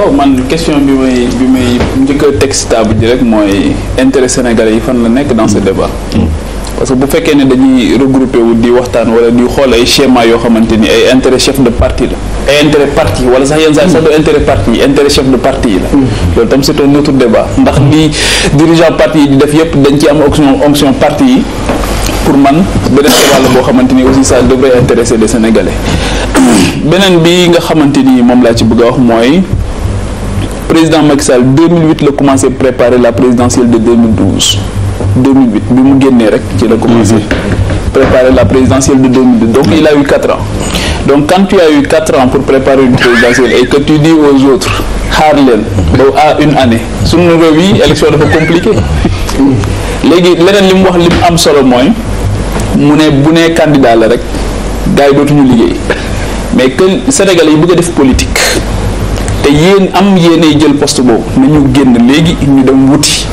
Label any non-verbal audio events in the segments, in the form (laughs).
waaw man question bi may bi may njëkk teg stable ji rek mooy intérêt sénégalais yi fan la nekk dans ce mm. débat. Mm. parce que bu fekkee ne dañuy regroupé wu di waxtaan wala di xool ay schéma yoo xamante ni ay intérêt chef de parti la ay intérêt parti wala sax yenn saa sax du intérêt parti yi intérêt chef de parti yi la mm. loolu tam c'est débat ndax li dirigeant parti yi di def yépp dañ ci am onction onction parti yi pour man beneen débat la boo xamante ni aussi ça devrait intéresser les Sénégalais (coughs) beneen bi nga xamante ni moom laa ci bëgg a wax mooy président Macky Sall 2008 la commencé préparer la présidentielle de 2012 2008 bi mu génnee rek ci la commencé mhm. préparer la présidentielle de donc il a eu 4 ans donc quand tu as eu 4 ans pour préparer une présidentielle et que tu dis aux autres xaar leen ba à une année suñu réew yi élection dafa compliqué léegi leneen li mu wax li mu am solo mooy mu ne bu nee candidat la rek gars yi dootuñu liggéey mais que Sénégalais yi bëgg def politique te yéen am yéenay jël poste boobu nañu génn léegi ñu dem wuti.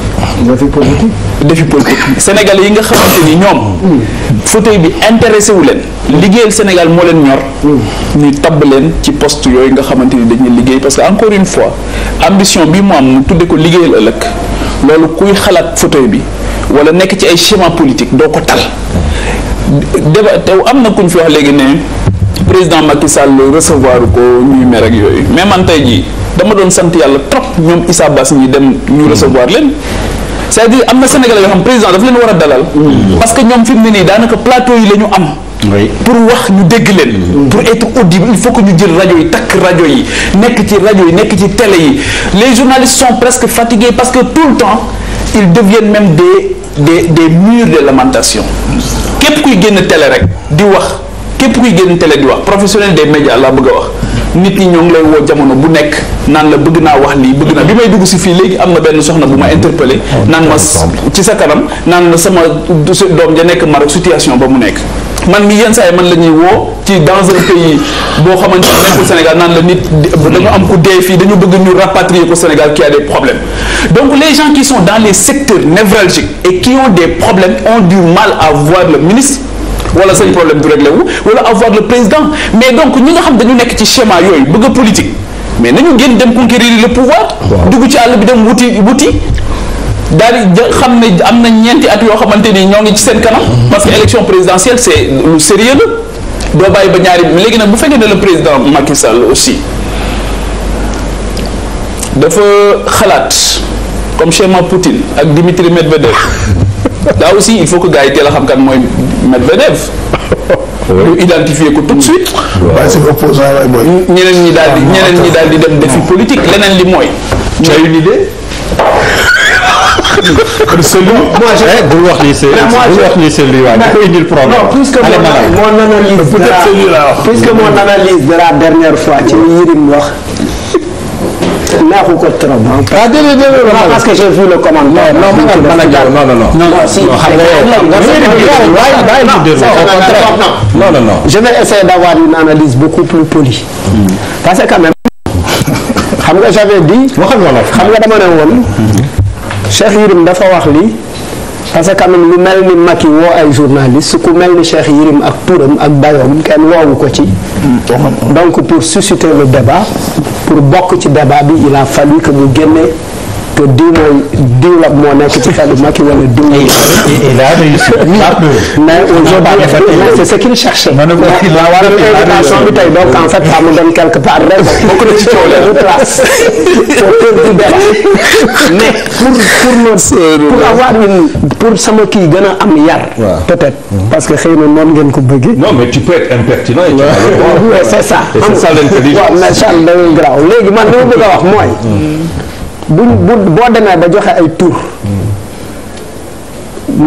defi politique. defi politique Sénégalais yi nga xamante ni ñoom. fauteuil bi intéressé wu leen. liggéeyal Sénégal moo leen ñor. Hmm. ñu tabb leen ci poste yooyu nga xamante ni dañuy liggéey parce que encore une fois ambition bi mu am mu tudde ko liggéeyal ëllëg loolu kuy xalaat fauteuil bi wala nekk ci ay schéma politique doo ko tal. débat te am na ku ñu fi wax léegi ne. président Macky Sall recevoir ko ñuy mer ak yooyu mais man tey jii dama doon sant yàlla trop ñoom Issa Bass ñi dem ñu recevoir leen c'est-à-dire am na Sénégalais yoo xam président daf leen war a dalal mm-hmm. parce que ñoom fi mu ne nii daanaka plateau yi la ñu am Oui. pour wax ñu dégg leen. Mm-hmm. pour être audible il faut que ñu jël rajo yi takk rajo yi nekk ci rajo yi nekk ci télé yi les journalistes sont presque fatigués parce que tout le temps ils deviennent même des des des murs de lamentation kuy génn télé rek di wax. képp kuy génn télé di wax professionnel des médias laa bëgg a wax nit ñi ñoo ngi lay woo jamono bu nekk naan la bëgg naa wax lii bëgg naa bi may dugg si fii léegi am na benn soxna bu ma interpellé ah, naan ma ci sa kanam naan la sama doom ja nekk Maroc situation ba mu nekk man mi yenn saa yi man la ñuy woo ci dans un pays boo xamante ne nekkul Sénégal naan la nit dañu am ku dee fii dañu bëgg ñu rapatrier ko Sénégal qui a des problèmes donc les gens qui sont les secteurs névralgiques et qui ont des problèmes ont du mal à le ministre wala seen problème du réglé wu wala avoir le président mais donc ñi nga xam dañu nekk ci schéma yooyu bëgg a politique mais nañu génn dem conquérir le pouvoir dugg ci àll bi dem wuti wuti daal di xam ne am na ñeenti at yoo xamante ni ñoo ngi ci seen kanam mhm. parce que élection présidentielle c'est lu sérieux la doo bàyyi ba ñaari léegi nag bu fekkee ne le président Macky Sall aussi dafa xalaat comme schéma Poutine ak Dimitri Medvedev (laughs) là aussi il faut que yi teel a xam kan mooy Medvedev. ñu identifier ko tout de suite. waaw seen opposant waay mooy. ñeneen ñi daal di ñeneen ñi daal di dem défi politique leneen li mooy. tu as une idée. seulement moi je. Eh, bul wax ni c'est bul wax ni c'est lui waaye da koy indil problème. non puisque mon analyse de la puisque mon mm. analyse de la dernière fois ci Yirim wax. naaxu ko trop. ah parce que j'ai vu le commentaire. non non non non non non xam nga non non non je vais essayer d'avoir une analyse beaucoup plus polie. parce que quand xam nga j'avais dit. xam nga dama ne woon. Cheikh Yérim dafa wax lii. parce que quand même lu mel ni Macky woo ay journaliste su ku mel ni Cheikh Yérim ak turam ak dayoom kenn woowu ko ci. Mm, donc pour susciter le débat. pour bokk ci débat bi il a fallu que ñu génne te diw mooy diw la moo nekk ci xelu Macky wala diw yi. il a réussi mais aujourd'hui c'est ce qu'il cherchait. ma ne ko il a war invitation bi tey donc en fait ça me donne quelque part rek (laughs) bokk na ci coow la retrace mais pour pour pour avoir une pour sama kii gën a am yar. peut-être mm-hmm. parce que xëy na noonu ngeen ko bëggee. non mais tu peux être impertinent. c'est ça. c'est ça l'intelligence. waaw macha allah léegi man li ma bëgg a wax mooy. Mm-hmm. bu boo demee ba joxe ay tur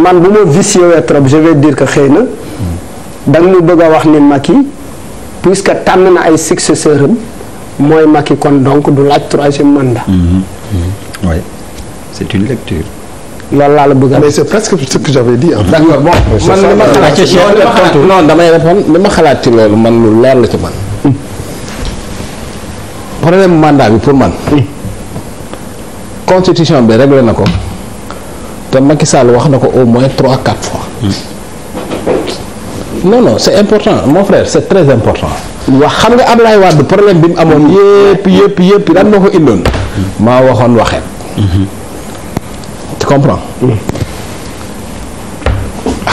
man bu ma vicieux trop je vais dire que xëy na da nga ñu bëgg a wax ni Macky puisque tànn na ay successeur am mooy Macky kon donc du laaj troisième mandat. Mm-hmm. Mm-hmm. oui c'est une lecture. laa la bëgg mais c'est presque ce que j'avais man li ma xalaat non damay répondre li ma xalaat ci loolu man lu leer la ci man. Hmm. problème mandat bi pour man. Hmm. constitution bi réglé na ko te Macky Sall wax na ko au moins trois quatre fois. Hmm. non non c'est important mon frère c'est très important. wax xam nga am Ablaye Wade problème bi mu amoon hmm. yëpp yëpp yëpp lan moo ko indoon. Hmm. maa waxoon waxeet. tu comprends.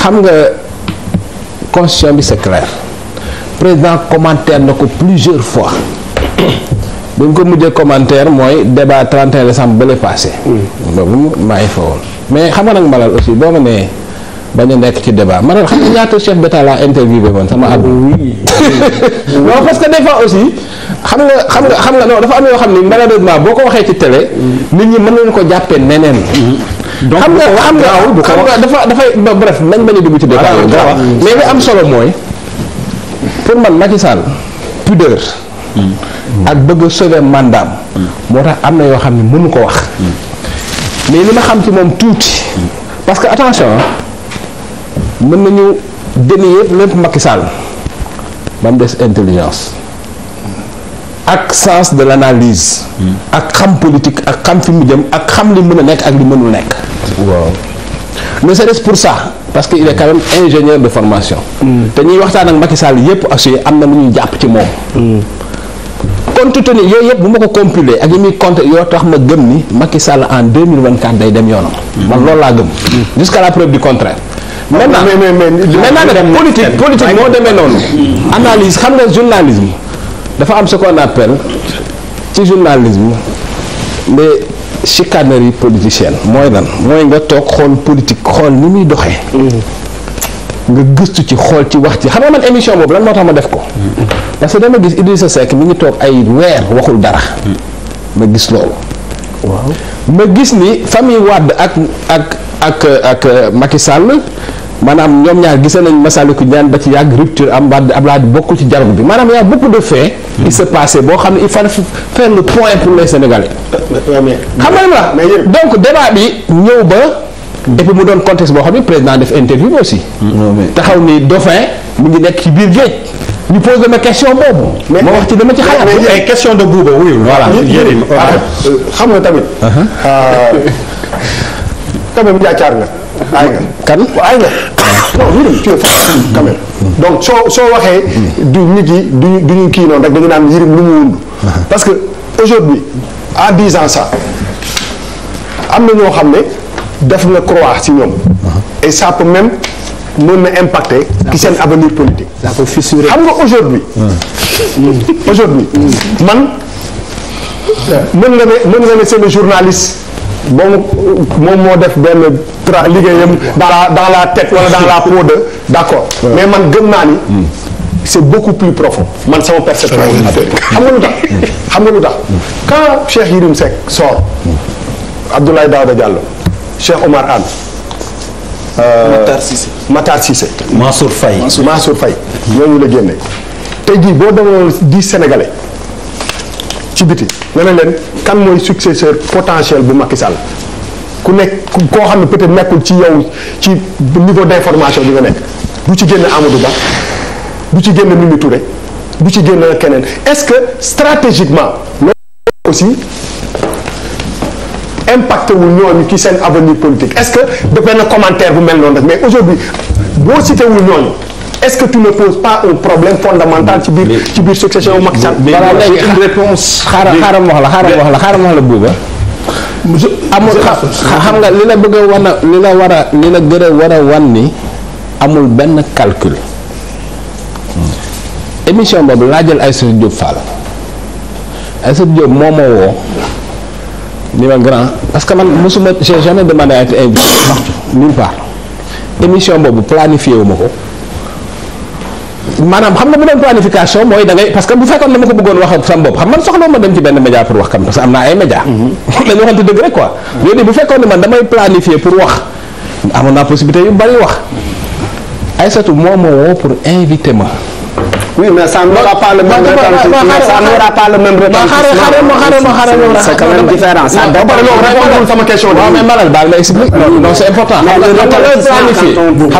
xam nga constitution bi c'est clair président commentaire na ko plusieurs fois. (coughs) bi mu ko mujjee commentaire mooy débat 31 décembre ba lay passé. boobu maa ngi fa mais xam nga nag Malal aussi boo ma nee bañ a nekk ci débat Malal xam nga ñaata chef d'état laa interviewé man sama at. (laughs) non parce que des aussi xam nga xam nga xam nga non dafa am yoo xam ni malheureusement boo ko waxee ci télé. nit ñi mën nañu ko jàppee neneen. Mm-hmm. donc xam nga xam nga xam nga dafa dafay ba bref nañ bañ a dugg ci débat. Ah, mais li am solo mooy pour man Macky Sall pudeur. Mm. ak bëgg a sauver mandaam mm. moo tax am na yoo xam ne mënu ko wax mm. mais li ma xam ci moom tuuti parce que attention mën nañu deni yëpp lépp Macky Sall ba mu des intelligence ak sens de l'analyse ak xam politique ak xam fi mu jëm ak xam li mën a nekk ak li mënul nekk waaw ne serait-ce pour ça parce que il e quand même ingénieur de formation te ñuy waxtaan ak Macky Sall yëpp assurer am na lu ñuy jàpp ci moom compte tenu yooyu yëpp bu ma ko compiler ak yi muy compte yoo tax ma gëm ni Macky Sall en 2024 day dem yoonam man loolu laa gëm jusqu'à la preuve du contraire maintenant mais maintenant politique politique moo demee noonu analyse xam nga journalisme dafa am ce qu'on appelle ci journalisme les chicaneries politiciennes mooy lan mooy nga toog xool politique xool ni muy doxe mm-hmm. nga gëstu ci xool ci wax ci xam nga man émission boobu lan moo tax ma def ko parce que dama gis Idrissa Seck mi ngi toog ay weer waxul dara. ma gis loolu. ma gis ni famille Wade ak ak ak ak Macky Sall maanaam ñoom ñaar gisee nañ ma ku ñaan ba ci yàgg rupture am Wade Abdoulaye bokkul ci dialogue bi maanaam y a beaucoup de faits. il se boo xam ne il faut faire le point pour les Sénégalais. xam donc débat yi ñëw ba. et mu doon contexte boo xam ne président def interview aussi. Mm. taxaw ni dauphin mu ngi nekk ci biir géej. ñu posé ma question boobu. mais ma wax ci dama ci xalaat. mais ay question de Bouba wuyu. voilà euh, xam nga tamit. tamit uh-huh. euh, njaacaar nga. aay nga kan aay nga. Ah. non Yérim mm. donc soo soo waxee. Mm. du nit yi du du ñu kii noonu rek dañu naan Yérim lu mu wund. Uh-huh. parce que aujourd'hui en disant ça am na ñoo xam ne def nga croire ci ñoom. Uh-huh. et ça peut mën na impacte ci seen avenir politique xam nga aujourd'hui hmm. aujourd'hui man mën nga ne mën nga ne seen journaliste moom moo def benn tra liggéeyam dans la dans la tête wala dans la hmm. peau de d'accord mais man gëm naa ni hmm. c'est beaucoup plus profond man sama perception xam nga lu tax xam nga lu tax quand Cheikh Yérim Seck sort Abdoulaye Daouda Diallo Cheikh Omar Anne Matar Cissé euh, Matar Cissé. Mansour fay Mansour Faye ñooñu la génne tey jii boo demoon di sénégalais ci biti nga ne leen kan mooy successeur potentiel bu Macky Sall ku nekk koo xam ne peut-être nekkul ci yow ci niveau d'information bi nga nekk du ci génn Amadou Ba du ci génn Mimi ture du ci génn keneen est-ce que stratégiquement loolu aussi. impacté wul ñooñu ci seen avenir politique est-ce que def na commentaire bu mel noonu rek mais aujourd'hui boo cité ñooñu est-ce que tu ne poses pas un problème fondamental ci biir ci biir succession Macky Sall voilà léegi réponse xaaral xaaral wax la xaaral wax la xaaral wax xam nga li la bëgg a wan a li war a li la a war a wan ni amul benn calcul hmm. émission boobu laa jël Aïssatou Diop Fall Aïssatou Diop moo ma woo ni ma parce que man mosuma j'ai jamais demandé à être invité nulle part émission boobu planifié wu ma ko maanaam xam nga bu doon planification mooy da ngay parce que bu fekkoon dama ko bëggoon wax ak sama bopp xam man soxla ma dem ci benn média pour wax kam parce que am naa ay média mhm. (laughs) dañu waxante dëgg rek quoi léegi bu fekkoon ne man damay planifier pour wax amoon naa possibilité yu bari wax Aïssatou moo ma woo pour invité ma oui mais ça n'aura pas le même retentissement ça n'aura malal baal ma explique non c'est important xam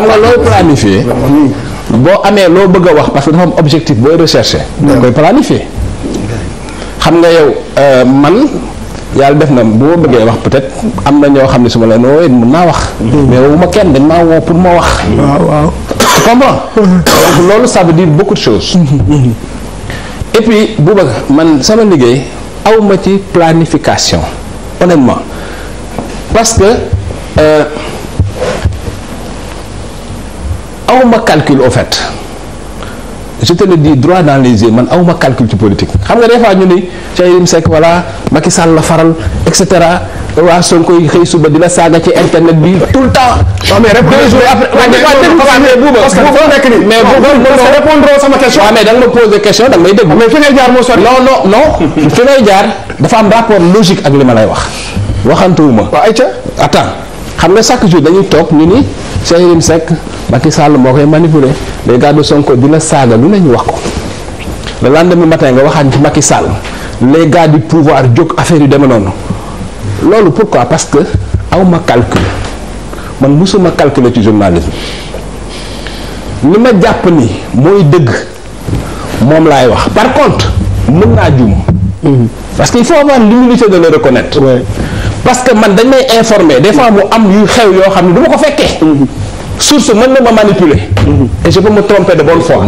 nga looy planifier boo amee loo bëgg a wax parce que dafa am objectif booy recherché da koy planifier xam nga yow euh, man yàlla def na bu ma bëggee wax peut-être am na ñoo xam ne suma ma leen woowee mën naa wax. mais wowuma kenn dañ maa woo pour ma wax. waaw waaw. tu comprends. (laughs) donc loolu ça veut dire beaucoup de bu (laughs) bëgg man sama liggéey awma ci planification honnêtement parce que euh, awma calcul au fait. je te le dis droit dans les yeux man awma calcul ci politique xam nga des fois ñu ni Cheikh Yérim Seck voilà Macky Sall la faral et cetera waa Sonko yi xëy suba dina saaga ci internet bi tout le temps. non mais deux jours après. parce que bu mais répondre sama question. waaw mais da nga ma poser question da nga may déglu. mais fi ngay jaar moo sori. non non non fi ngay jaar dafa am rapport logique ak li ma lay wax waxantuwuma. waaw ayca attends xam nga chaque jour dañuy toog ñu ni Cheikh Yérim Seck Macky Sall moo koy manipuler. day gàddu Sonko dina saaga lu nañu wax ko le lendemain matin nga waxaat ci Macky Sall les gars du pouvoir jóg affaire yu deme noonu loolu pourquoi parce que aw ma calcul man mosuma calculer ci journalisme li ma jàpp ni mooy dëgg moom laay wax par contre mën naa juum. Mm-hmm. parce que il faut avoir l'humilité de le reconnaître. parce que man dañ may informer des fois mu am yu xew yoo xam ne du ko fekkee. Mm-hmm. source mën na ma manipuler. Mhm. et je peux de bonne foi.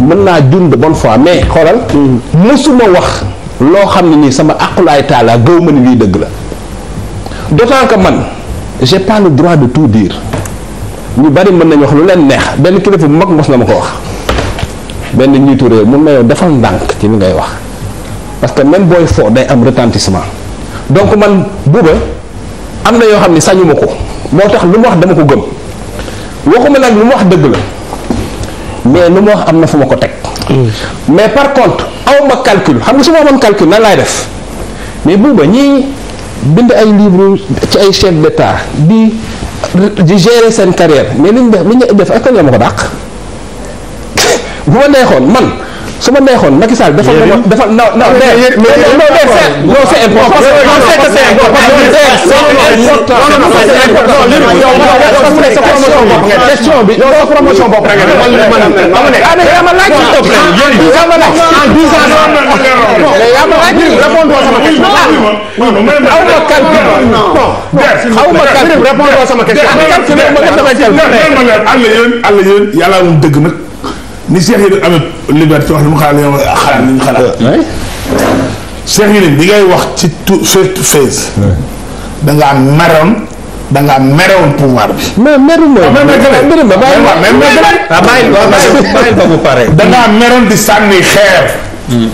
mën naa juum de bonne foi mais xoolal. Mhm. mësuma wax loo xam ne nii sama aqulaay taala gëw ma ni lii dëgg la d'autant man je pas le droit de tout dire ñu bari mën nañu wax lu leen neex benn kilifa bu mag mos na ma ko wax benn njiitu réew mun na yow defal ndànk ci li ngay wax parce que même booy foo day am retentissement donc man buuba am na yoo xam ne sañu ma ko moo tax lu mu wax dama ko gëm. waxuma nag lu mu wax dëgg la mais lu mu wax am na fu ma ko teg. mais par contre aw ma calcul xam nga su ma amoon calcul nan laay def mais buuba ñii bind ay livre ci ay chef d'état di di gérer seen carrière mais li ñu def li ñu def ak la ma ko dàq (coughs) bu ma neexoon man. su ma neexoon Macky Sall dafa dafa non non mais mais non c'est important parce que c'est important question bi yow promotion bopp rek man ah mais yaa ma laaj s'il te plaît yaa ma laaj en 10 ans yaa ma laaj répondre sama question aw ma calcul non aw ma calcul répondre sama question calcul ma def sama calcul àll yéen àll yéen yàlla moom dëgg nag ni Cheikh Yérim amee liberté li mu xalaat li mu xalaat li mu xalaat. Cheikh Yérim bi ngay wax ci tout surtout phase. da ngaa meroon da ngaa meroon pouvoir bi. mais meru ma. ba ah, mu ah, da ngaa meroon di sànni xeer. Hmm.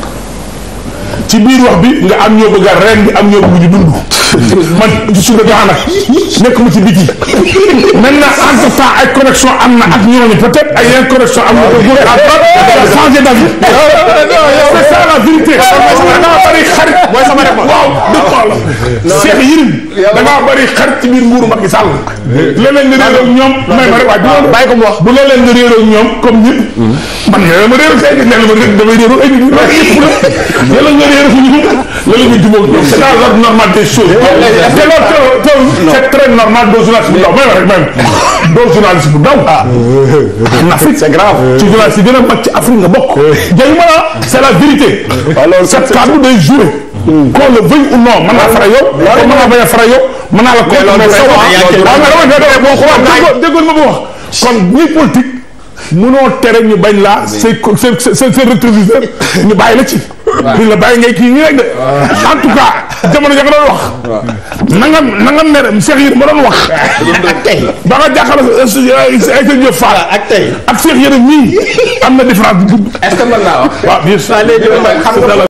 ci biir wax bi nga am ñoo bi am ñoo bëgg man su dee daan ak nekkuma ci biti maintenant entre temps ay correction am na ak ñooñu peut-être ay yeneen correction am na ko bëgg à droite changer d'avis. c'est ça la vérité. Eh, eh, eh. dangaa bari xarit. mooy sama rek waaw dëgg ko la. Cheikh Yérim dangaa bari xarit ci biir nguuru Macky Sall. léeg-léeg nga réeroog ñoom. may ma rek waaye bu bàyyi ko mu wax. bu léeg-léeg nga réeroog ñoom comme ñëpp. Hmm. man yàlla ma réeroog say nit léeg ma réer damay réeroog ay nit. loolu yëpp la. (laughs) yàlla nga réeroog ñu loolu nga jubóog ñoom c'est dans l'ordre normal des choses c'est très normal doo journaliste bu ndaw may wax rek même doo journaliste bu ndaw. en ah. Afrique grave. ci journaliste yi gën a mag ci Afrique nga bokk. jaay ma la c'est la vérité. alors cette kàddu day joué. Hmm. qu'on le veuille ou non mën naa fara yow. mën naa bañ a fara yow. mën naa la ko mais loolu mais sa wax. waaw ma bu wax. kon ñuy politique. munoo tere ñu bañ se sa sa sa sa rétroviseur ñu bàyyi la ci. waaw la bàyyi ngay kii nii rek de. en tout cas jamono ja nga doon wax. na nga na nga mere Cheikh Yérim ma doon wax. ak tey ba nga jàkkaarloo sa ay sa Diop Fall ak tey ak Cheikh Yérim mii am na différence. est-ce que mën naa wax.